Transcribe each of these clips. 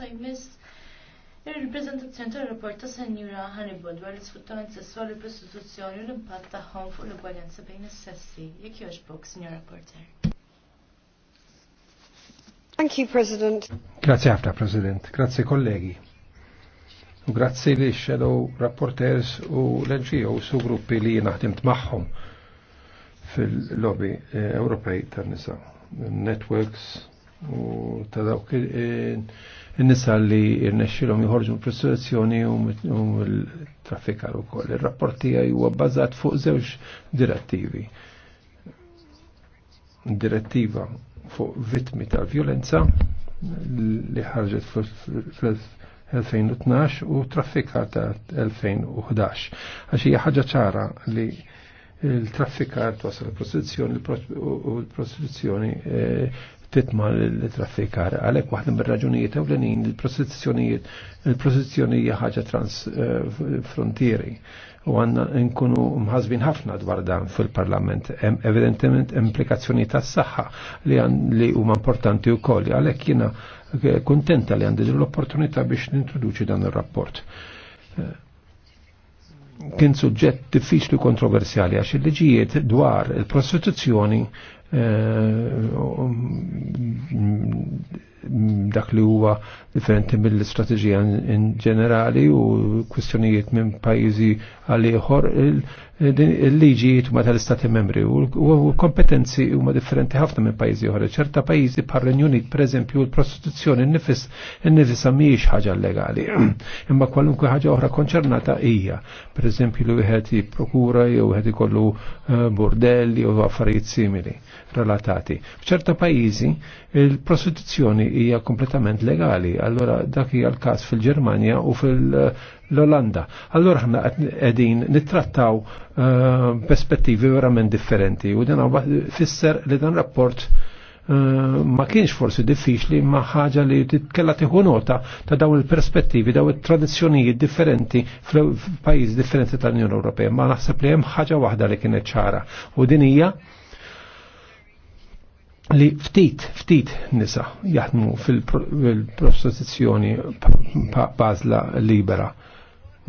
issa jmiss il reprezentazzjoni tar-rapport ta' Senjura Hannibal dwar l sfruttament sessuali prostituzzjoni u l-impatt tagħhom fuq l-ugwaljanza bejn is-sessi. Jekk jogħġbok, Sinjura Reporter. Thank you, President. Grazie ħafna, President. Grazie kollegi. U grazzi li shadow rapporters u l-NGOs u gruppi li naħdimt maħħom fil-lobby eh, Ewropej tan-nisa. Networks u ta' dawk eh, n-nisa li irnexxilhom joħorġu prostituzzjoni u l-traffikar ukoll. Ir-rapport tiegħi huwa bbażat fuq żewġ direttivi. Direttiva fuq vittmi tal-vjolenza li ħarġet fl-2012 u traffikar ta' 2011. Għax hija ħaġa ċara li il-traffikar twasal il-prostituzzjoni u l-prostituzzjoni eh, Titma l-traffikar. Għalek waħda mir-raġunijiet ewlenin il-prostituzzjonijiet, il-prostituzzjonija ħaġa transfrontieri. Eh, u għanna nkunu mħazbin ħafna dwar dan fil-parlament. Evidentement implikazzjoni tas saħħa li huma importanti wkoll. Għalhekk jiena eh, kuntenta li għandi l-opportunità biex nintroduċi dan ir-rapport eh, kien suġġett diffiċli kontroversjali għax il-liġijiet dwar il-prostituzzjoni uh, um, dak li huwa differenti mill-istrateġija in ġenerali u kwistjonijiet minn pajjiżi għal ieħor il-liġijiet huma tal-istati membri u kompetenzi huma differenti ħafna minn pajjiżi oħra. ċerta pajjiżi bħal Unit pereżempju l-prostituzzjoni nnifis innifisha mhijiex ħaġa legali. Imma kwalunkwe ħaġa oħra konċernata hija. Pereżempju li wieħed jipprokura jew wieħed ikollu eh, bordelli jew affarijiet simili relatati. F'ċerta pajjiżi il-prostituzzjoni hija kompletament legali. Allora dak hija l-każ fil-Ġermanja u fil-Olanda. Allora ħna qegħdin nittrattaw eh, perspettivi verament differenti u din fisser li dan rapport eh, ma kienx forsi diffiċli ma ħaġa li titkella tieħu nota ta' dawn il-perspettivi, daw it-tradizzjonijiet differenti f'pajjiż differenti tal-Unjoni Ewropea. Ma naħseb li hemm ħaġa waħda li kienet ċara u din hija li ftit, ftit nisa jaħdmu fil-prostituzzjoni bazla libera.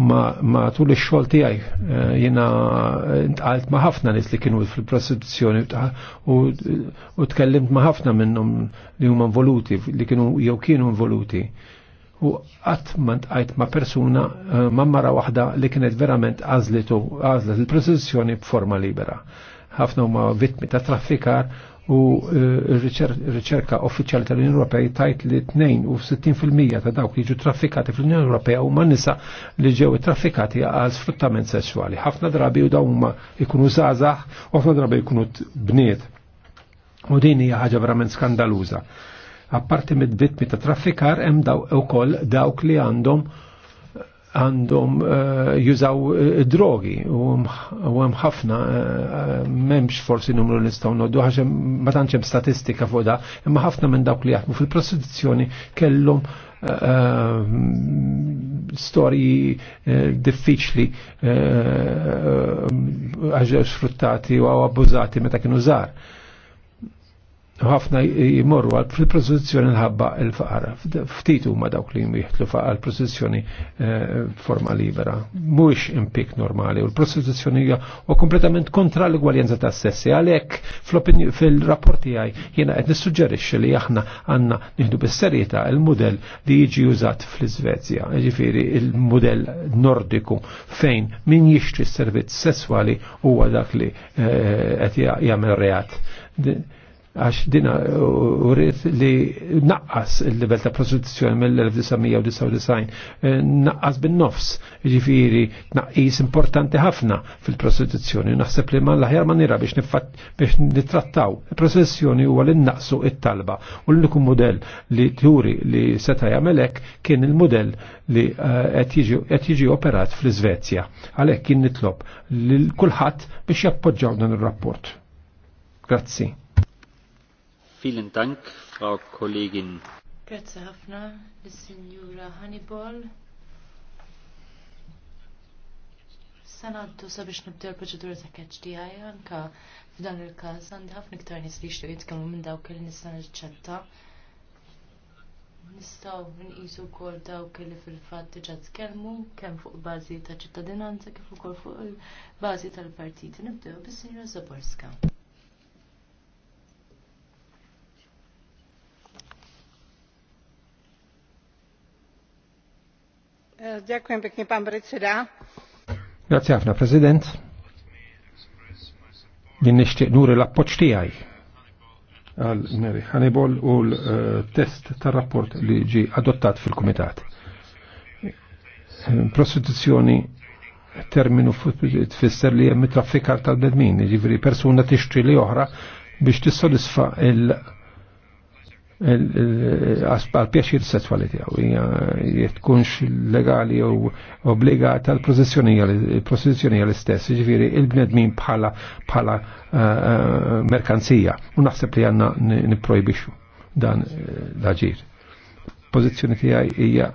Ma, ma tul ix-xogħol tiegħi eh, jiena ntqalt ma' ħafna nies li kienu fil-prostituzzjoni u tkellimt ma' ħafna minnhom li huma involuti, li kienu jew kienu involuti. U qatt ma ntqajt ma' persuna eh, ma' mara waħda li kienet verament għażlitu għażlet il-prostituzzjoni b'forma libera ħafna huma vittmi ta' traffikar u eh, r-riċerka uffiċjali tal-Unjoni Ewropea tajt li 62% ta' dawk li ġu traffikati fl-Unjoni Ewropea huma nisa li ġew traffikati għal sfruttament sesswali. Ħafna drabi u dawn huma jkunu żgħażagħ u ħafna drabi jkunu bniet. U din hija ħaġa verament skandaluża. Apparti mid-vittmi ta' traffikar hemm daw ukoll dawk li għandhom għandhom eh, jużaw eh, drogi u hemm ħafna eh, m'hemmx forsi numru li nistgħu noddu għax ma tantx hemm statistika fuq da, imma ħafna minn dawk li jaħdmu fil-prostituzzjoni kellhom storji diffiċli għax sfruttati u abbużati meta kienu żgħar ħafna jimorru għal fil l-ħabba il-faqar. Ftitu ma dawk li faqqa l prostituzzjoni eh, forma libera. Mux impik normali u l hija u kompletament kontra l-gwaljenza ta' sessi. Għalek fil-rapporti għaj jena għed nissuġġerix li aħna għanna nieħdu bis-serjetà il model li jiġi użat fl-Svezja. Ġifiri il model nordiku fejn min jixtri s-servizz sessuali huwa dak li eh, qed jagħmel reat għax dina urrit li naqqas il-level ta' prostituzzjoni mill-1999, eh, naqqas bin-nofs, ġifiri naqqis importanti ħafna fil-prostituzzjoni, naħseb li ma l-ħjar manira biex nittrattaw. Il-prostituzzjoni huwa li naqsu it-talba u l-uniku model li turi li seta' jamelek kien il model li eh, qed jiġi operat fl-Iżvezja. Għalhekk kien nitlob lil kulħadd biex jappoġġaw dan ir-rapport. Grazzi. Vielen Dank, Frau Kollegin. Grazie ħafna, l-Signora Hannibal. Sanaddu sabiex nibdew il-proċedura ta' catch di anka f'dan il-każ għandi ħafna iktar nies li jixtiequ jitkellmu minn dawk li nista' niċċetta. Nistgħu nqisu wkoll dawk li fil-fatt diġà tkellmu kemm fuq bażi ta' ċittadinanza kif ukoll fuq il-bażi tal-partiti. Nibdew bis sinjura Zaborska. Dziękuję Grazie ħafna President. Din nixtieq nuri l-appoġġ tiegħi għal Mary Hannibal u l-test tar-rapport li ġi adottat fil-Kumitat. Prostituzzjoni terminu tfisser li hemm traffikar tal-bedmin, jiġifieri persuna tixtri li oħra biex tissodisfa il- għal-pjaċir sessualiti għaw, jitkunx legali u obbligata l prozessjoni għal-istess, ġviri il-bnedmin bħala bħala eh, eh, merkanzija, u naħseb li għanna niprojbixu dan eh, l-ġir. Pozizjoni tijaj hija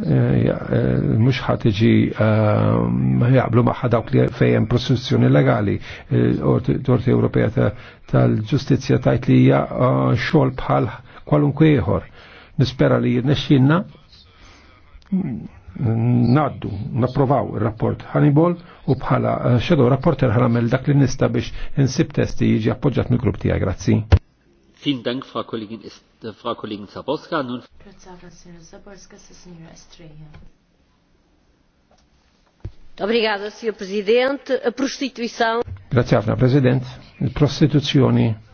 Eh, mux ħatiġi eh, jaqblu maħħa dawk li fejjem prostituzzjoni legali. Torti eh, Ewropea tal-ġustizja tajt li hija xogħol bħal kwalunkwe ieħor. Nispera li jirnexxinna mm, naddu, napprovaw il-rapport Hannibal u bħala xedu rapporter ħramel dak li nista biex insib testi jiġi appoġġat mill-grupp tiegħi. Grazzi. Dank, fra Kollegin Ist. Frau Kollegin Zaborska. Nun... Grazie, Signora Zaborska, Signora Estrella. Obrigada, Sr. Presidente. A prostituição. Grazie, Afna, President. Il-prostituzzjoni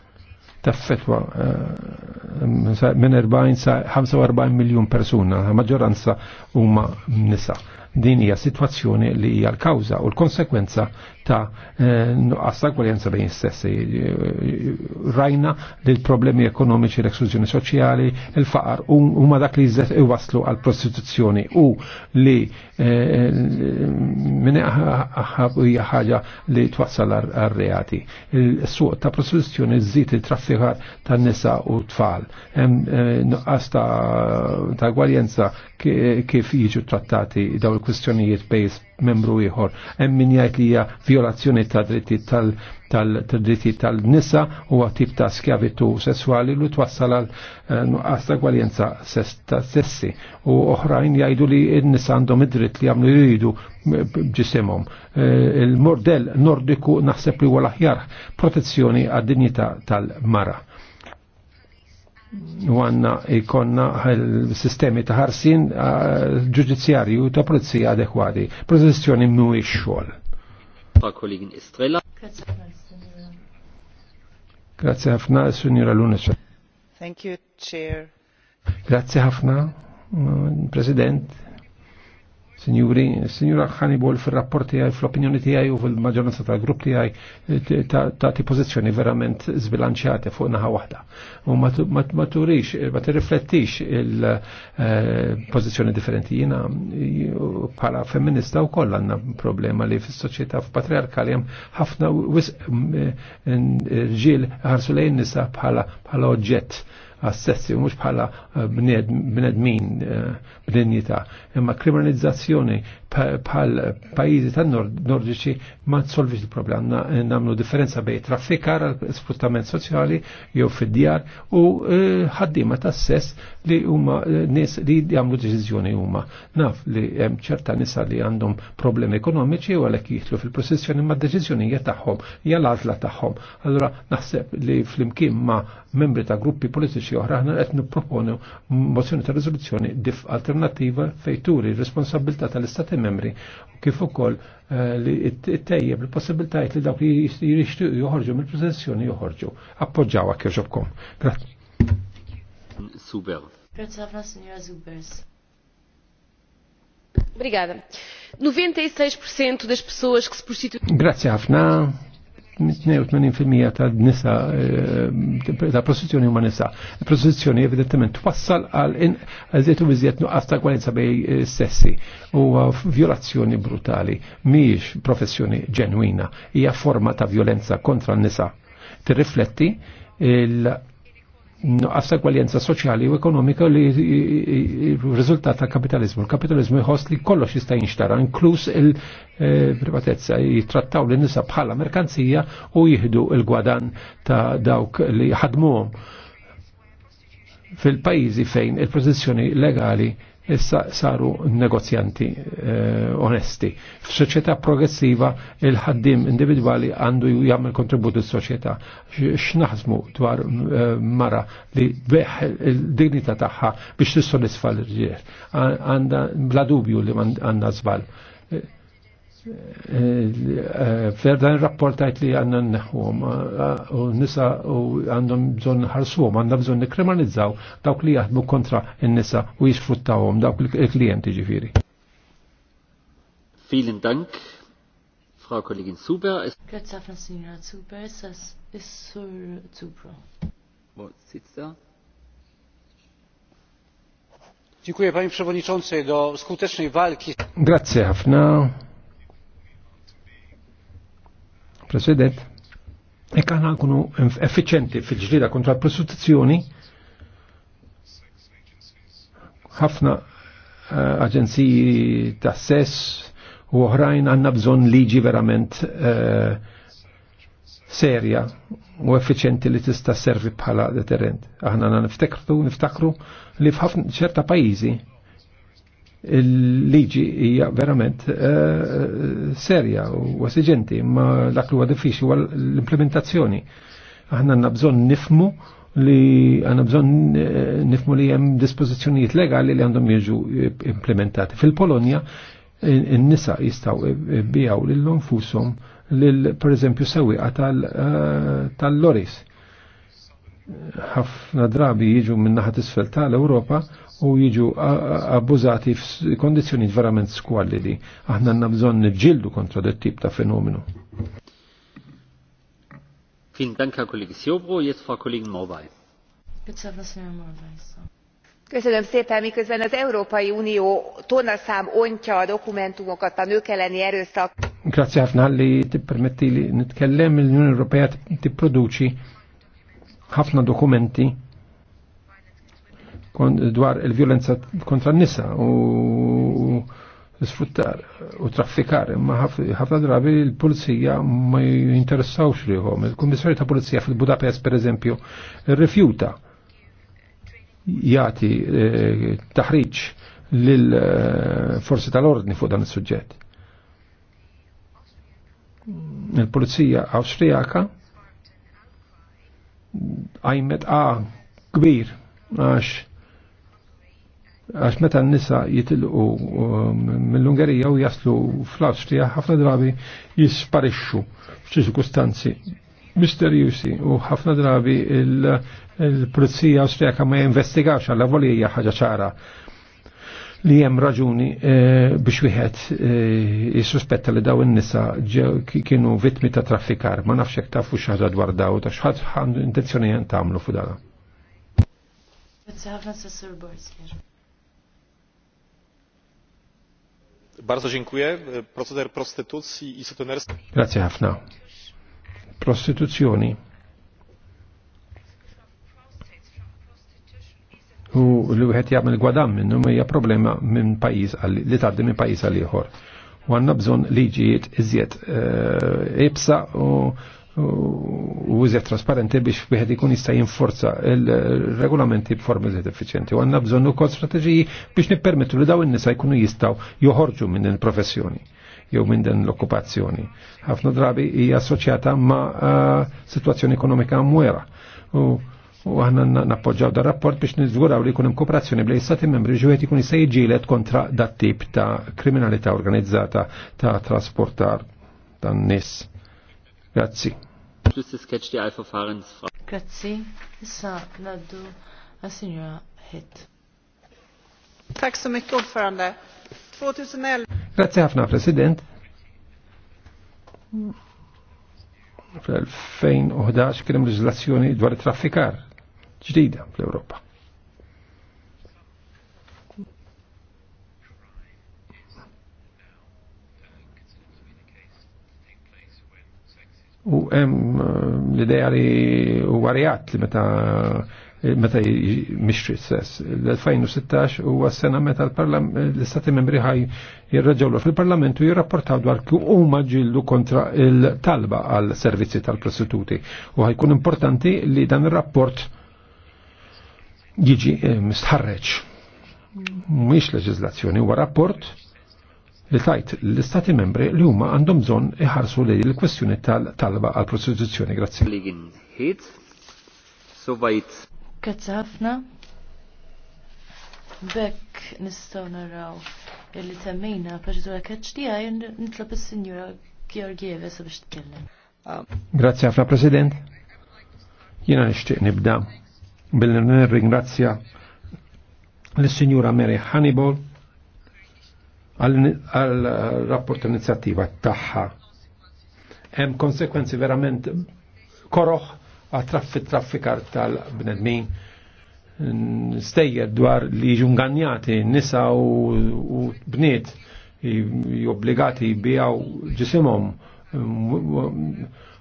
taffetwa eh, minn 40 sa 45 miljon persuna, la maġġoranza huma nisa. Din hija sitwazzjoni li hija l-kawża u l-konsekwenza ta' eh, nuqqas ta' bejn stessi. Eh, eh, rajna li l-problemi ekonomiċi, l-eksklużjoni soċjali, il-faqar huma dak li waslu għal prostituzzjoni u li minn hija ħaġa li twassal għal-reati. Il-suq ta' prostituzzjoni żżid il-traffikar ta' nisa u tfal. Nuqqas ta' gwaljanza kif jiġu trattati daw kwistjonijiet bej membru ieħor. Hemm min jgħid li hija violazzjoni ta' dritti tal dritti tal-nisa u tip ta' skjavitu sesswali li twassal għal eh, nuqqas ta' ta' sessi. U oħrajn jgħidu li n-nisa għandhom id-dritt li jagħmlu jridu eh, ġisimhom. Eh, il-mordell nordiku naħseb li huwa l-aħjar protezzjoni għad-dinjità tal-mara u għanna ikonna sistemi ta' ħarsin ġudizzjarju ta' polizija adekwati. Protezzjoni mnu xogħol. Grazie ħafna, Sunira Lunaċa. Thank you, Chair. Grazie ħafna, President. Signuri, signora Hannibal fil rapporti għaj, fil-opinjoni għaj u fil-maġġoranza ta' grupp għaj, ta' ti pozizjoni verament zbilanċjate fuq naħa wahda. U ma turix, ma tirriflettix il-pozizjoni differenti jina bħala femminista u koll għanna problema li fil-soċieta f-patriarkali jem ħafna wisq ġil ħarsu lejn nisa bħala oġġett assessi u mux bħala eh, bnedmin eh, b'dinjità. Imma kriminalizzazzjoni bħal pajizi tan nordiċi ma tsolvix il problem eh, Namlu differenza bej traffikar sfruttament soċjali jew fid-djar u ħaddima ta' sess li huma nies li jagħmlu deċiżjoni huma. Naf li hemm ċerta nisa li għandhom problemi ekonomiċi u għalhekk jitlu fil-prosessjoni ma' deċiżjonijiet tagħhom, hija l-għażla tagħhom. Allura naħseb li flimkien ma' membri ta' gruppi politiċi politiċi oħra ħna qed nipproponu mozzjoni ta' riżoluzzjoni dif alternattiva turi responsabilità tal-Istati membri kif ukoll eh, li ttejjeb il-possibilitajiet li dawk li jirixtu joħorġu mill-preżenzjoni joħorġu. Appoġġawha kirġobkom. Grazzi. Super. Grazie ħafna Signora Zubers. Obrigada. 96% e das pessoas que se prostituem. Grazie ħafna. 82% ta' nisa eh, ta' prostituzzjoni huma nisa. Prostituzzjoni evidentement twassal għal għażiet u nuqqas ta' kwalenza bej eh, sessi u violazzjoni brutali mhijiex professjoni ġenwina, hija forma ta' violenza kontra n-nisa. Tirrifletti nuqqas egwaljenza soċjali u ekonomika li riżultat ta' kapitalizmu. Il-kapitalizmu jħoss li kollox jista' jinxtara, inkluż il-privatezza, eh, jittrattaw l nisa bħala merkanzija u jihdu il-gwadan ta' dawk li ħadmuhom fil-pajjiżi fejn il pozizjoni legali issa saru negozjanti eh, onesti. F'soċjetà progressiva il-ħaddim individwali għandu jagħmel kontribut is-soċjetà. X'naħsmu dwar eh, mara li beħ il-dignità tagħha biex tissodisfa l-irġiel. Għandha bla dubju li għandha żball eh, Ferdan rapportajt li għanna n nneħwom u nisa u għandhom bżon ħarsuhom, għandhom bżon n nikriminalizzaw dawk li jaħdmu kontra n-nisa u jisfruttawhom dawk il klienti ġifiri. Vielen Dank, Frau Kollegin Zuber. Grazie, Frau Signora Zuber. sur Zuber. Zubro. Sitza. Dziękuję Panie Przewodniczący. Do skutecznej walki. Grazie, Hafna. President, e kan nkunu effiċenti fil-ġrida kontra l-prostituzzjoni, ħafna uh, aġenziji ta' sess u oħrajn għanna bżon liġi verament uh, serja u effiċenti li tista' servi bħala deterrent. Aħna niftakru, niftakru li f'ħafna ċerta pajjiżi il-liġi hija verament eh, serja u wasiġenti, ma dak li huwa diffiċli huwa l-implementazzjoni. Aħna għandna bżonn nifmu li għandna bżonn eh, nifmu li hemm dispożizzjonijiet legali li għandhom jiġu eh, implementati. Fil-Polonja in-nisa jistgħu bijaw lil nfushom lil pereżempju sewwieqa tal-loris ħafna drabi jiġu minn naħat isfel l-Europa u jiġu abbużati f'kondizzjoni verament skwallidi. Aħna għanna bżon nġildu kontra dat tip ta' fenomenu. Fin danka kollegi Sjobro, jitfa kollegi Mobaj. s-sena Mobaj. Köszönöm szépen, miközben az Európai Unió tonaszám ontja a dokumentumokat a nők elleni erőszak. Grazie ħafna ti permetti, li nitkellem l Európai ti produci ħafna dokumenti dwar il-violenza kontra n-nisa u sfruttar u traffikar, imma ħafna drabi l-pulizija ma jinteressawx liħom. Il-Kummissarju ta' Pulizija fil-Budapest, per eżempju, rifjuta jati eh, taħriġ lil forsi tal-ordni fuq dan is-suġġett. Il-Pulizija Awstrijaka għajmet A ah, kbir għax għax meta n-nisa jitilqu um, mill-Ungerija u jaslu fl austria ħafna drabi jisparixxu f'xi sikustanzi misterjusi u ħafna drabi il-Pulizija Awstrijaka ma jinvestigax għal volija ħaġa ċara li hemm raġuni eh, biex wieħed eh, jissuspetta li daw in-nisa kienu vittmi ta' traffikar, ma nafx hekk tafu ħaġa dwar daw ta' x'ħadd għandu intenzjoni jen għamlu fudala. Bardzo dziękuję. Proceder prostytucji i sutenerstwa. Grazie ħafna. Prostituzzjoni li wieħed jagħmel gwadam minnu hija problema minn pajjiż li tgħaddi minn pajjiż għal ieħor. U għandna bżonn liġijiet iżjed eh, ibsa u u użet trasparenti biex wieħed ikun jista' jinforza il-regolamenti b'forma żied effiċjenti. U għandna bżonn ukoll strateġiji biex nippermettu li daw in-nisa jkunu jistgħu joħorġu minn il-professjoni jew minn din l-okkupazzjoni. Ħafna drabi hija assoċjata ma' eh, situazzjoni ekonomika mwera u aħna nappoġġaw da rapport biex nizguraw li jkun kooperazzjoni bli stati membri ġuħet ikun jista' ġilet kontra dat tip ta' kriminalità organizzata ta' trasportar tan nis. Grazzi. Grazzi. Issa laddu għas signora Hitt. Tack så mycket ordförande. 2011. Grazie ħafna President. Fl-2011 kien leġislazzjoni dwar it-traffikar ġdida fl-Europa. U hemm eh, l-idea li huwa li meta eh, meta mixtri sess. L-2016 huwa s-sena meta l-istati membri ħaj jirraġawlu fil-parlamentu jirrapportaw dwar kju huma ġillu kontra il-talba għal servizzi tal-prostituti. U ħajkun importanti li dan ir-rapport jiġi eh, mistħarreċ. Mhix leġiżlazzjoni huwa rapport li tajt l-istati membri li huma għandhom bżonn iħarsu li l-kwestjoni tal-talba għal prostituzzjoni. Grazzi. Grazzi Kazzafna. Bekk nistgħu naraw illi temmejna proċedura catch di għaj nitlob il-Sinjura Georgieve t-kellem. Ah. Grazie ħafna President. Jena nishtiq nibda billi nirringrazzja l signora Mary Hannibal għal-rapport eh, inizjattiva tagħha. Hemm konsekwenzi verament koroħ għat-traffik traffikar tal-bnedmin stejjer dwar li ġunganjati nisa u bniet jobbligati bijaw ġisimhom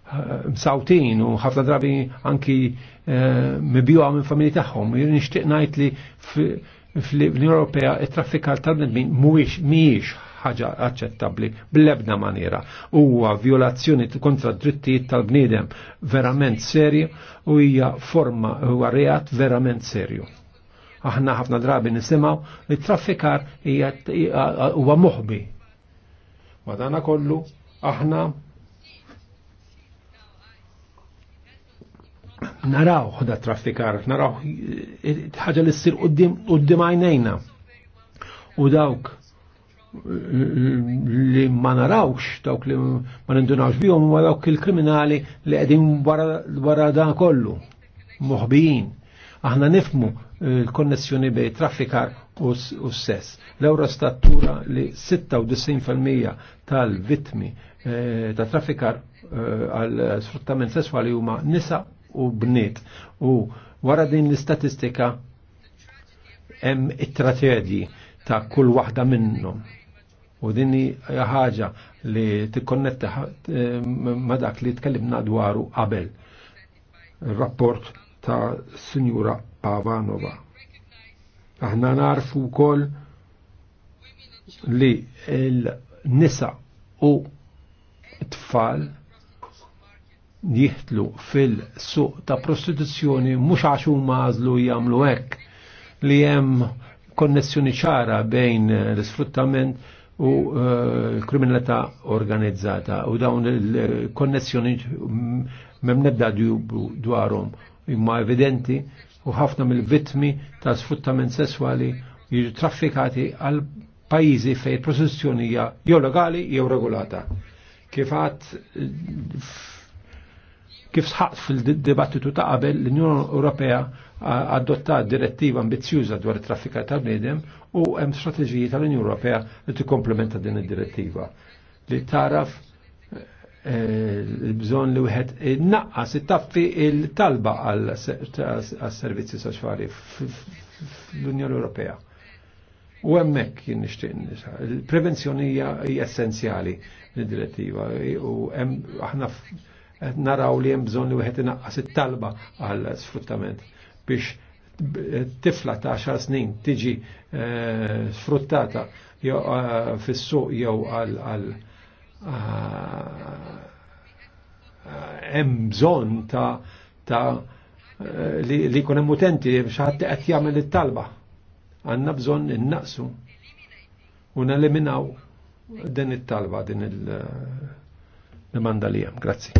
Eh, msawtin u ħafna drabi anki eh, mibjuwa minn familji tagħhom. Jien nixtieq ngħid li fl-Unjoni Ewropea it-traffikar tal-bnedmin mhuwiex mhijiex ħaġa aċċettabbli bl-ebda maniera. Huwa violazzjoni kontra drittijiet tal-bniedem verament serju u hija forma huwa reat verament serju. Aħna ħafna drabi nisimgħu li traffikar huwa moħbi. Madana kollu aħna naraw da traffikar, naraw ħaġa li ssir uddim għajnejna. U dawk eh, li ma narawx, dawk li ma nindunawx bihom, ma dawk il-kriminali li qegħdin wara dan kollu, muħbijin. Aħna nifmu eh, l-konnessjoni bej traffikar u s-sess. L-Eurostat statura li 96% tal-vitmi eh, ta' traffikar għal sfruttament sesswali huma nisa u bniet. U wara din l-istatistika hemm it-traġedji ta' kull waħda minnhom. U din ħaġa li tikkonnetta eh, ma' dak li tkellimna dwaru qabel. Rapport ta' Sinjura Pavanova. Aħna narfu wkoll li l-nisa u t-tfal jihtlu fil-suq ta' prostituzzjoni mhux għax huma għażlu jagħmlu hekk li hemm konnessjoni ċara bejn l-isfruttament u eh, l-kriminalità organizzata u dawn il-konnessjoni mem mm, nebda dwarhom imma evidenti u ħafna mill-vittmi ta' sfruttament sessuali jiġu traffikati għal pajizi fej prostituzzjoni hija jew legali jew regolata. Kif eh, Kif sħaq fil-dibattitu ta' qabel l-Unjoni Ewropea adotta direttiva ambizjuża dwar it-traffika tal bnedem u hemm strateġiji tal-Unjoni Ewropea li tikkomplementa din id-direttiva. Li taraf eh, eh, il-bżon li wieħed naqqas ittaffi il-talba għal-servizzi soċjali fl-Unjoni Ewropea. U hemmhekk jien nixtieq Il-prevenzjoni hija essenzjali lid direttiva u hemm aħna naraw li hemm bżonn li wieħed inaqqas it-talba għal sfruttament biex tifla ta' 10 snin tiġi eh, sfruttata jew eh, fis-suq jew għal eh, hemm bżonn ta' ta' li jkun hemm utenti biex ħadd qed jagħmel it-talba. Għandna bżonn innaqsu u neliminaw din it-talba din il-demanda li hemm. Grazzi.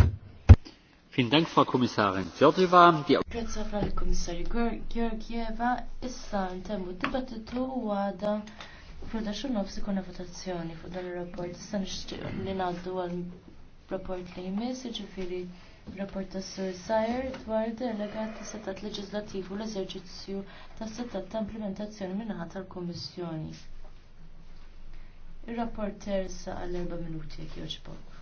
Vielen Dank, Frau Kommissarin Fjordjeva. Grazie, Frau Kommissarin Georgieva. Issa, intemmu dibattitu u għada Furda xunnof sikona votazzjoni fuq dan il-rapport, issa nixtieq li ngħaddu għal rapport li jmiss, ġifiri rapport ta' Sur Sajer dwar delegat ta' setat leġislativu l-eżerġizzju ta' setat ta' implementazzjoni minnaħa tal-Kommissjoni. Il-rapport tersa għal erba' minuti jekk jogħġbok.